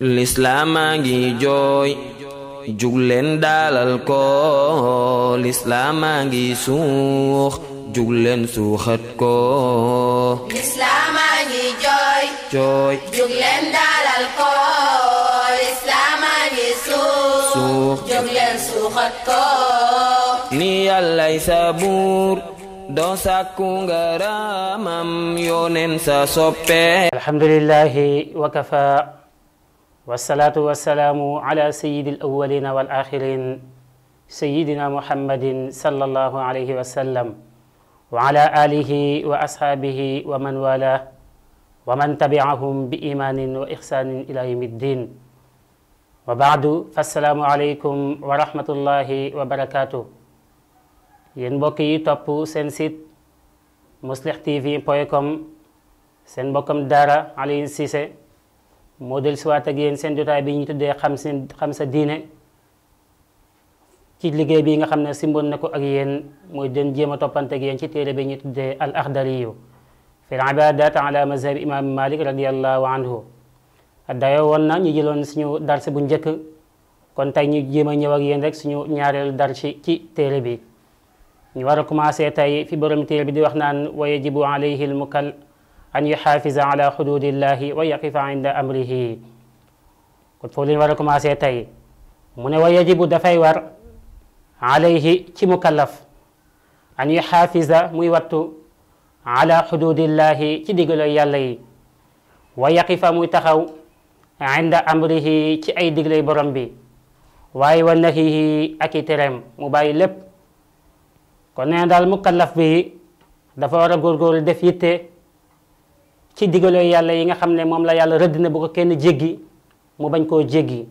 lislaamaa ngi jooy jugleen daalal ko lislaamaa ngi suux jugleen suuxat ko lislaamaa ngi jooy jooy jugleen daalal suux suux jugleen suuxat ni yàllay sa buur doo sàkku ngaramam yooneen soppe alhamdulillahi wa kafa wasalaatu wasalaamu ala sayidi alawalina wal axirin sayidina muhammadin sallallahu alayhi wa sallam wa ala alihi wa ashaabihi wa man wala wa man tabiahum bi imaanin wa ixsaanin ila yawmi ddin wa baadu fassalaamu aleykum wa rahmatullahi wa barakaatu yéen mbokk yi topp seen site muslih tv point com seen mbokkam daara Alioune Cissé moo del siwaat ak yéen seen jotaay bi ñu tuddee xam seen xam sa diine ki liggéey bi nga xam ne simboon na ko ak yéen mooy den jéem a toppante ak yéen ci téere bi ñu tuddee al axdariyu fi l ibadat ala mazhab imam malik radiallahu anhu dayo woon na ñu jëloon suñu darse bu njëkk kon tey ñu jéem a ñëw ak yéen rek suñu ñaareel darsi ci téere bi ñu war a commencé tey fi borom téere bi di wax naan wa yajibu alayhi al mukal an yuxaafisa ala xududillahi wa yaqifa inda amrihi kon foofu la ñu war a commencé tey mu ne wa yajibu dafay war alayhi ci mukallaf an yuxaafisa muy wattu ala xududillahi ci digaloy yàlla wa yaqifa muy taxaw inda amrihi ci ay diglay borom bi waaye wa nahihi ak i mu bàyyi lépp kon nee daal mukallaf bi dafa war a def yitte ci digale yàlla yi nga xam ne moom la yàlla rëdd na bu ko kenn jéggi mu bañ koo jéggi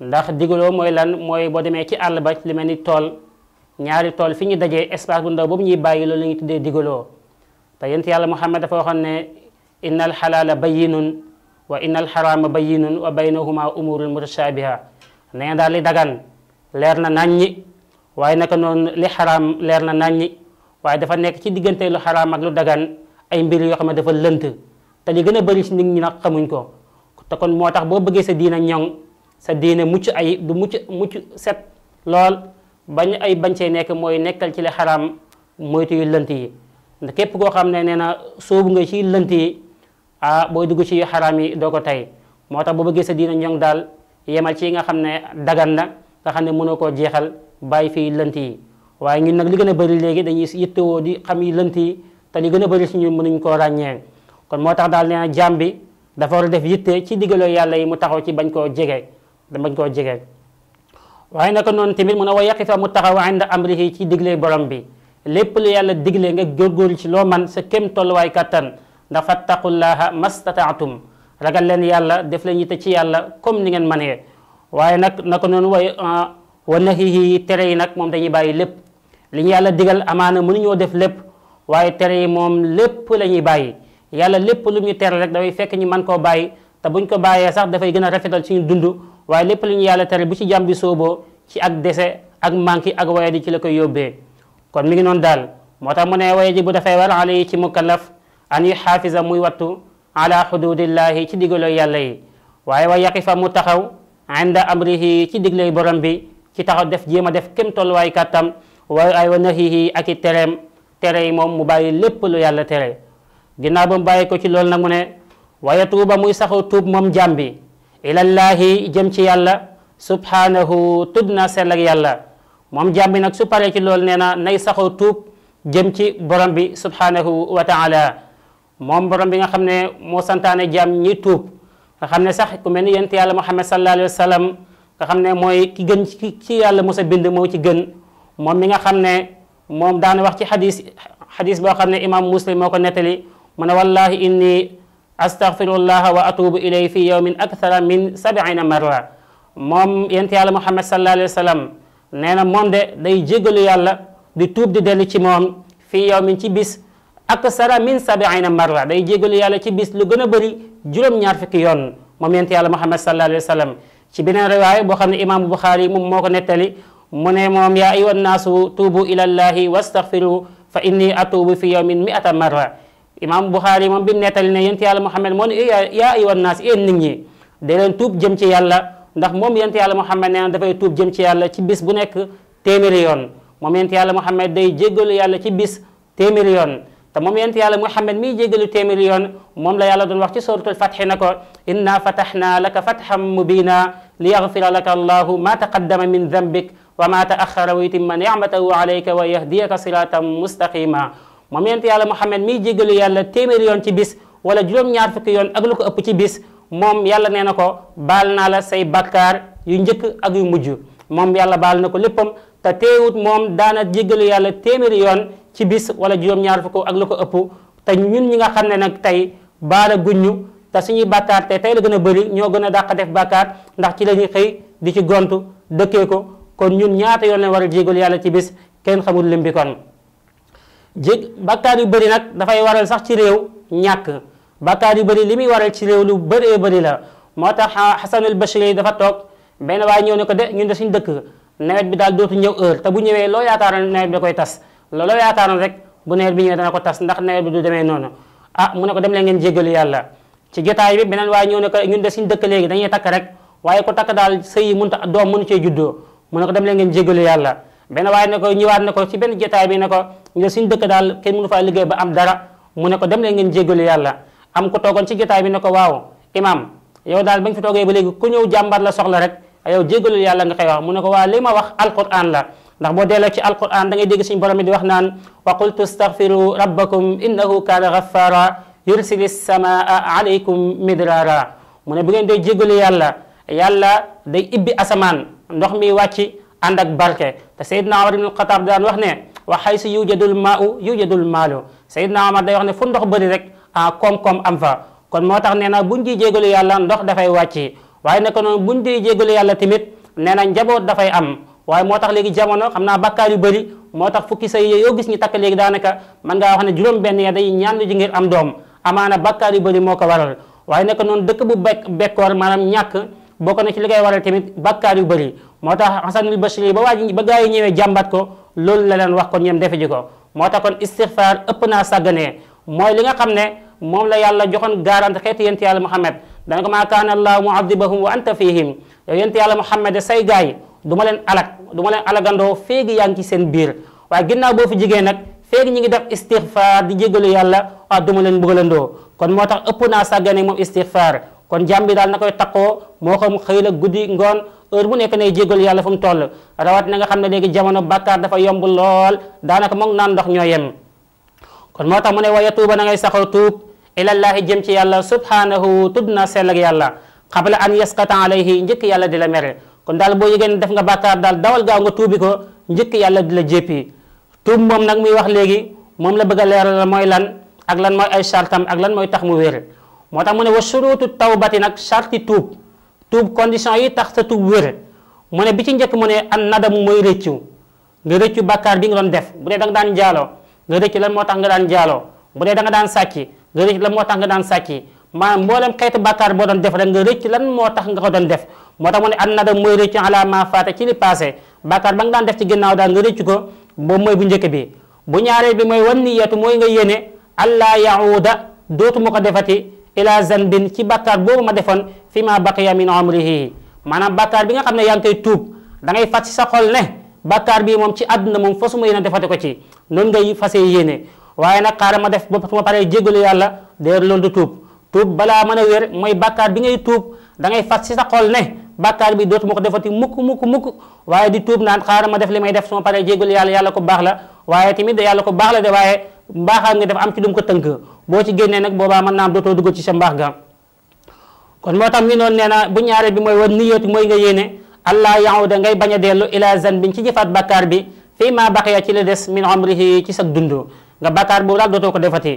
ndax digaloo mooy lan mooy boo demee ci àll ba li mel ni tool ñaari tool fi ñu dajee espace bu ndaw boobu ñuy bàyyi loolu la diggaloo te digaloo te yent xam ne dafa waxoon ne inna al xalaala bayyinun wa inna al xaraama bayyinun wa baynahuma umurun mutashaabiha nee daal li dagan leer na nàññi waaye naka noonu li xaraam leer na nàññi waaye dafa nekk ci diggante lu xaraam ak lu ay mbir yoo xam ne dafa lënt te li gën a bëri ci nit ñi nag xamuñ ko te kon moo tax boo bëggee sa diina ñoŋ sa diina mucc ay du mucc mucc set lool bañ ay bañ see nekk mooy nekkal ci li xaraam moytu yu lënt yi ndax képp koo xam ne nee na soobu nga ci lënt yi ah booy dugg ci xaraam yi doo ko tey moo tax boo bëggee sa diina ñoŋ daal yemal ci yi nga xam ne dagan na nga xam ne mënoo koo jeexal bàyyi fii lënt yi waaye ñun nag li gën a bëri léegi dañuy yittewoo di xam yi lënt yi te li gën a bëri suñu mënuñ koo ràññee kon moo tax daal nee na jaam bi dafa war def yitte ci diggaloo yàlla yi mu taxaw ci bañ koo jege bañ koo jege waaye naka noonu tamit a ne wa yaqifa mu taxaw inda amrihi ci digle borom bi lépp lu yàlla digle nga góorgóorlu ci loo man sa kem tolluwaay kattan ndax fattaqullaha mastataatum ragal leen yàlla def leen yitte ci yàlla comme ni ngeen manee waaye ah, yi nag moom dañuy bàyyi lépp li ñu yàlla digal amaana mënuñoo def lépp waaye tere yi moom lépp la ñuy bàyyi yàlla lépp lu ñu tere rek dafay fekk ñu mën koo bàyyi te buñ ko bàyyee sax dafay gën a rafetal suñu dund waaye lépp lu ñu yàlla tere bu ci jàmm bi sooboo ci ak dese ak manki ak waye di ci la koy yóbbee kon mi ngi noonu daal moo tax mu ne waye ji bu dafay war alayhi ci mukallaf a yu xaafisa muy wattu ala xududillahi ci digalo yàlla yi waaye wa yaqifa mu taxaw inda amrihi ci diglay borom bi ci taxaw def jéem a def kem ay wa ak i tereem tere yi moom mu bàyyi lépp lu yàlla tere ginnaaw ba mu bàyyi ko ci loolu nag mu ne waaye tuuba muy saxu tuub moom jàmbi ilallaahi jëm ci yàlla subhanahu tudd na sell ak yàlla moom jàmbi nag su paree ci loolu nee na nay saxu tuub jëm ci borom bi subhanahu wa taala moom borom bi nga xam ne moo santaane jàmm ñi tuub nga xam ne sax ku mel ni yonent yàlla muhammad sa alayhi wa sallam xam mooy ki ci yàlla mos bind moo ci gën moom mi nga xam ne moom daana wax ci xadis xadis boo xam ne imam muslim moo ko nettali mu ne wallahi inni astaghfirullaha wa atubu ilay fi yawmin akthara min sab'ina marra moom yent yàlla muhammad sallallahu alayhi wa sallam nee na moom de day jéggalu yàlla di tuub di dellu ci moom fii yawmin ci bis aksara min sab'ina marra day jéggalu yàlla ci bis lu gën a bëri juróom-ñaar fukki yoon moom yent yàlla muhammad sallallahu alayhi wa sallam ci beneen riwaaya boo xam ne imaamu buxaari moom moo mu ne moom yaa ayyuha nnaasu tuubu ila llahi wastaghfiru fa inni atuubu fi yawmin mi'ata marra imam Buxaari moom bi nettali ne yent yàlla Muhammad moo ne yaa ayyuha nnaas yéen nit ñi da leen tuub jëm ci yàlla ndax moom yent yàlla Muhammad nee na dafay tuub jëm ci yàlla ci bis bu nekk téeméeri yoon moom yent yàlla Muhammad day jéggalu yàlla ci bis téeméeri yoon te moom yent yàlla Muhammad miy jéggalu téeméeri yoon moom la yàlla doon wax ci suratul fatxi na ko inna fataxnaa laka fatxan mubina li yaxfira laka allahu ma taqaddama min dambik wa ma taaxara wa yutimma ni'matahu alayka wa yahdiyaka siratan mustaqima moom jéggalu yàlla téeméeri yoon ci bis wala juróom-ñaar fukki yoon ak lu ko ëpp ci bis moom yàlla nee na ko baal naa la say bakkaar yu njëkk ak yu mujj moom yàlla baal na ko léppam te teewut moom daana jéggalu yàlla téeméeri yoon ci bis wala juróom-ñaar fukk ak lu ko ëpp te ñun ñi nga xam ne nag tey baala guññu te suñuy bàkkaar te tey la gën a bëri ñoo gën a dàq def bàkkaar ndax ci la xëy di ci gontu dëkkee ko kon ñun ñaata yoon leen war a jégalu yàlla ci bis kenn xamul lim bi kon jég bakkaar yu bëri nag dafay waral sax ci réew ñàkk bakkaar yu bëri li muy waral ci réew lu bëree bari la moo tax Xasan al Bachir dafa toog benn waaye ko de ñun de dëkk nawet bi daal dootu ñëw heure bu ñëwee loo yaakaaroon nawet bi da koy tas looloo yaakaaroon rek bu nawet bi ñëwee dana ko tas ndax nawet bi du demee noonu ah, mu ne ko dem leen ngeen jégalu yàlla ci jotaay bi beneen waaye ñëw ne ko ñun de suñu dëkk léegi dañuy takk rek waaye ku takk daal sëy mun mënut doom mënu cee juddoo mu ne ko dem leen ngeen jégalu yàlla benn waaye ne ko ñëwaat ne ci benn jotaay bi ne ko ñu suñ dëkk daal kenn mënu faa liggéey ba am dara mu ne ko dem leen ngeen jégalu yàlla am ko toogoon ci jotaay bi ne ko waaw imaam yow daal ba nga fi toogee ba léegi ku ñëw jàmbar la soxla rek yow jégalu yàlla nga koy wax mu ne ko waa li ma wax alquran la ndax boo delloo ci alquran da ngay dégg suñu borom bi di wax naan wa qultu astaghfiru rabbakum innahu kaana ghaffara yursili samaa alaykum midrara mu ne bu ngeen dee jégalu yàlla yàlla day ibbi asamaan ndox mi wàcc ànd ak barke te Seydina wa xaysu yujadul maau yujadul maalu Seydina Omar day wax ne fu ndox bëri rek ah koom-koom am fa kon moo tax nee na buñ di jégalu yàlla ndox dafay wàcc waaye yàlla tamit nee na njaboot dafay am waaye moo tax léegi jamono xam naa bakkaar yu bëri moo tax fukki say yoo gis ñu takk léegi daanaka mën ngaa wax ne juróom-benn ya day ñaan ji am doom amaana bakkaar yu bëri moo ko waral waaye naka noonu dëkk bu bekk bekkoor maanaam ñàkk bokk na ci li koy waral tamit bakkaar yu bëri moo tax Hasanul Bachri ba waa ji ba gaa yi ñëwee jàmbat ko loolu la leen wax ko ñoom defe ji ko moo tax kon istighfar ëpp naa sàgganee mooy li nga xam ne moom la yàlla joxoon garante xeetu yent yàlla Muhammad dana ko maa kaana allaahu muadibahum wa anta fihim yow yent yàlla Muhammad yi du ma leen alak du ma leen alagandoo féegi yaa ngi ci seen biir waaye ginnaaw boo fi jigéen nag féegi ñi ngi def istighfar di jégalu yàlla waaw du ma leen bëggalandoo kon moo tax ëpp naa sàggane moom istighfar kon jàmm bi daal na koy takkoo moo xam xëy la guddi ngoon heure bu nekk nay jéggalu yàlla fu mu toll rawat na nga xam ne léegi jamono bàkkaar dafa yomb lool daanaka moom naan ndox ñoo yem kon moo tax mu ne waaye tuuba na ngay saxoo tuub ilallaahi jëm ci yàlla subhanahu tudd na sell ak yàlla xabla an yasqata alayhi njëkk yàlla di la mere kon daal boo def nga bàkkaar daal dawal gaaw nga tuubi ko njëkk yàlla di la jéppi tuub moom nag muy wax léegi moom la bëgg a leeral mooy lan ak lan mooy ay sartam ak lan mooy tax mu wér moo tax mu ne wa suruutu tawbati nag sarti tuub tuub condition yi tax sa tuub wér mu ne bi ci njëkk mu ne an nadamu mooy rëccu nga rëccu bàkkaar bi nga doon def bu da nga daan jaaloo nga rëccu lan moo tax nga daan jaaloo bu dee da nga daan sàcci nga rëccu lan moo tax nga daan sàcci maanaam mboolem xeetu bàkkaar boo doon def rek nga rëcc lan moo tax nga ko doon def moo tax mu a an nadam mooy rëccu ala a faata ci li passé bàkkaar ba nga daan def ci ginnaaw daal nga rëccu ko boobu mooy bu njëkk bi bu ñaareel bi mooy wan niyatu mooy nga yéene allah yahuda dootuma ko defati ila zanbin ci bàkkaar boobu ma defoon fi ma baqiya min umrihi maanaam bàkkaar bi nga xam ne yaa ngi koy tuub da ngay fas ci sa xol ne bàkkaar bii moom ci àdduna moom fasuma yéene defate ko ci noonu ngay fasee yéene waaye nag xaaral ma def ba su ma paree jégalu yàlla déer loolu du tuub tuub balaa mën a wér mooy bàkkaar bi ngay tuub da ngay fas ci sa xol ne bàkkaar bi dootuma ko defati mukk mukk mukk waaye di tuub naan xaaral ma def li may def su ma paree jégalu yàlla yàlla ko baax la waaye tamit yàlla ko baax la de waaye mbaaxaan nga def am ci lu ko tënk boo ci génnee nag boobaa mën naa am dootoo dugg ci sa mbaax ga kon moo tax mi noonu nee na bu ñaareel bi mooy war niyyatu mooy nga yéene allah yahuda ngay bañ a dellu ila zan biñ ci jëfaat bakkaar bi fii maa baqiya ci la des min umrihi ci sa dund nga bakkaar boo daal dootoo ko defati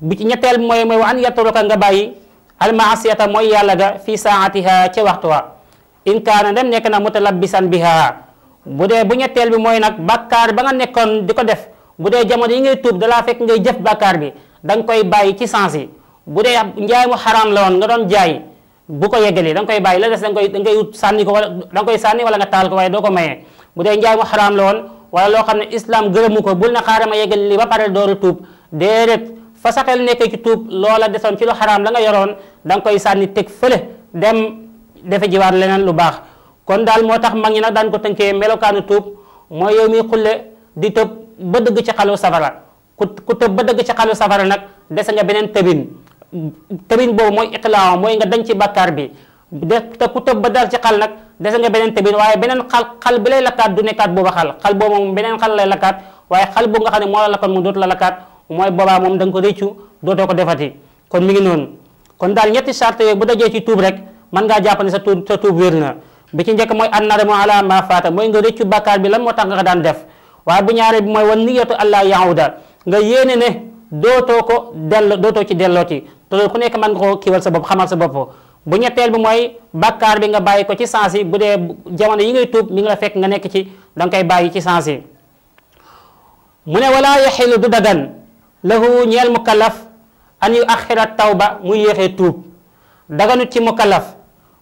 bi ci ñetteel mooy mooy wa an yatruka nga bàyyi almaasiyata mooy yàlla ga fii saatiha ca waxtu wa in kaana dem nekk na mutalabbisan biha bu dee bu ñetteel bi mooy nag bàkkaar ba nga nekkoon di ko def bu dee jamono yi ngay tuub dalaa fekk ngay jëf bàkkaar bi danga koy bàyyi ci sens yi bu dee njaay mu xaraam la woon nga doon jaay bu ko yeggalee da nga koy bàyyi la des da nga koy da nga sànni ko wala da koy sànni wala nga taal ko waaye doo ko mayee bu dee njaay mu xaraam loo xam ne islam gërëmu ko na xaaral ma yeggali li ba pare dooru tuub déedéet fa sa xel nekkee ci tuub loola desoon ci lu xaraam la nga yoroon da nga koy sànni teg fële dem defe jiwaat leneen lu baax kon daal moo tax mag ñi nag daan ko tënkee melokaanu tuub mooy yow mi xulle di tëb ba dëgg ci xalu safara ku ku tëb ba dëgg ci xalu safara nag dese nga beneen tëbin tëbin boobu mooy iqlaa mooy nga dañ ci bàkkaar bi de te ku tëb ba dal ci xal nag dese nga beneen tëbin waaye beneen xal xal bi lay lakkaat du nekkaat booba xal xal boobu moom beneen xal lay lakkaat waaye xal bu nga xam ne moo la lakkoon mu dootu la lakkaat mooy boobaa moom da nga ko réccu dootoo ko defati kon mi ngi noonu kon daal ñetti sart yooyu bu dajee ci tuub rek mën ngaa jàpp ne sa tuub sa tuub wér na bi ci njëkk mooy annadamu ala ma faata mooy nga rëccu bàkkaar bi lan moo tax nga daan def waaye bu ñaare bi mooy wan niyatu allah yahuda nga yéene ne dootoo ko dello dootoo ci dellooti te loolu ku nekk man nga ko kiiwal sa bopp xamal sa bopp bu ñetteel bi mooy bàkkaar bi nga bàyyi ko ci sens yi bu dee jamono yi ngay tuub mi ngi la fekk nga nekk ci danga koy bàyyi ci sens yi mu ne walaa yaxilu du dagan lahu ñeel mukallaf an yu yéexee tuub daganut ci mukallaf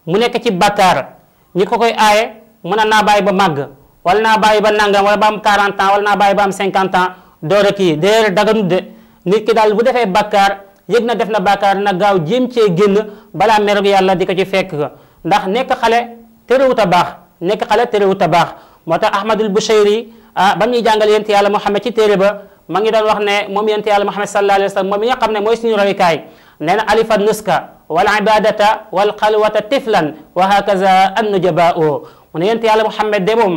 mu nekk ci bàkkaar ñi ko koy aaye mën a naa bàyyi ba màgg wala naa bàyyi ba nangam wala ba am 40 ans wala naa bàyyi ba cinquante ans door a kii déer daganut de nit ki daal bu defee bakkaar yëg na def na bàkkaar na gaaw jéem cee génn balaa merog yàlla di ko ci fekk ndax nekk xale terewut a baax nekk xale terewut a baax moo tax ahmadul bushayri ah ba muy jàngal yent yàlla Muhammad ci téere ba ma ngi doon wax ne moom yent yàlla Muhammad sallallahu alayhi wa moom mi nga xam ne mooy suñu royukaay nee na alifa nuska wal ibadata wal xalwata tiflan wa hakaza an nujaba o mu ne yonent yàlla Muhammad de demoom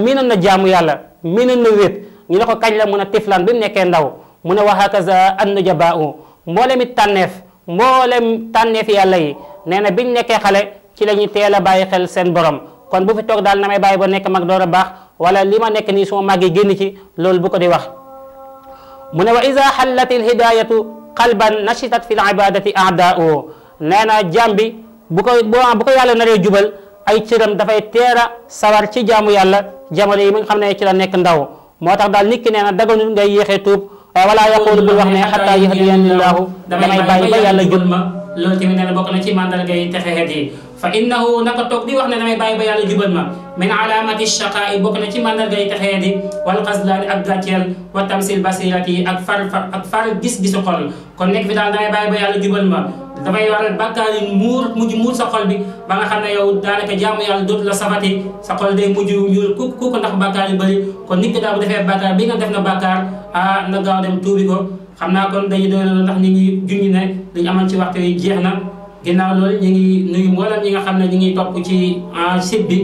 miinoon na jaamu yàlla miinoon na wéet ñu ne ko kañ la mun a tiflan bi mu nekkee ndaw mu ne wa hakaza an nujaba o mboolem mi tànneef mboolem tànneef yàlla yi nee na biñ nekkee xale ci la ñu teel a bàyyi xel seen borom kon bu fi toog daal na may bàyyi ba nekk mag door a baax wala li ma nekk nii suma màggee génn ci loolu bu ko di wax mu ne wa iza xallatil hidayatu xalban nashitat fil ibadati aadaa'u nee na jaam bi bu ko bu ko yàlla naree jubal ay cëram dafay teel a sawar ci jaamu yàlla jamono yi mi nga xam ne ci la nekk ndaw moo tax daal nit ki nee na daganul ngay yéexee tuub wala yaqul bul wax ne xataa yahdiyani llahu damay bàyyi ba yàlla jub ma loolu tamit nee na bokk na ci màndarga yi texe xeet yi fa innahu naka toog di wax ne damay bàyyi ba yàlla jubal ma min alaamati shaqaa bokk na ci màndargay texee di wal xaslaani ak gàcceel wa tamsil basirati ak far ak far gis-gisu xol kon nekk fi daal damay bàyyi ba yàlla jubal ma dafay waral bàkkaar yi muur mujj muur sa xol bi ba nga xam ne yow daanaka jaamu yàlla dootu la safati sa xol day mujj ñuul ku ku ko ndax bàkkaar yu bëri kon nit ki daal bu defee bàkkaar bi nga def na bàkkaar ah na gaaw dem tuubi ko xam naa kon dañu doon ndax nit ñi junñi ne dañu amoon ci waxtu yi jeex na ginnaaw loolu ñu ngi nuyu mboolem ñi nga xam ne ñu ngi topp ci ah, site bi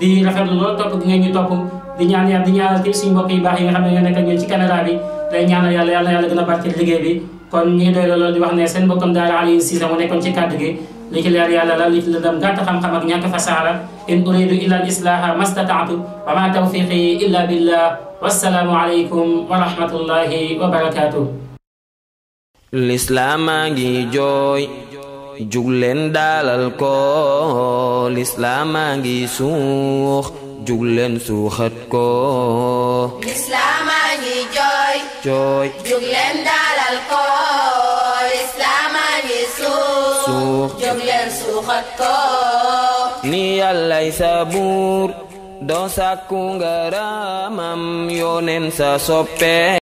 di rafetlu loolu topp gi ngeen ñu topp di ñaan yàlla di ñaanal tamit suñu mbokk yi nga xam ne ñoo nekk ak ñun ci Canada bi day ñaanal yàlla yàlla yàlla gën a barkeel liggéey bi kon ñu ngi doy loolu di wax ne seen mbokkam daara Aliou Cissé mu nekkoon ci kàddu gi li ci leer yàlla la li ci lëndam gàtt xam-xam ak ñàkk fasaala in uridu illa al islaha mastataatu wa ma tawfiqi illa billah wassalaamu aleykum wa rahmatullahi wa barakatuh jug leen daalal ko lislaamaa ngi suux jug leen suuxat ko lislaamaa ngi jooy jooy jug leen daalal ko lislaamaa sa buur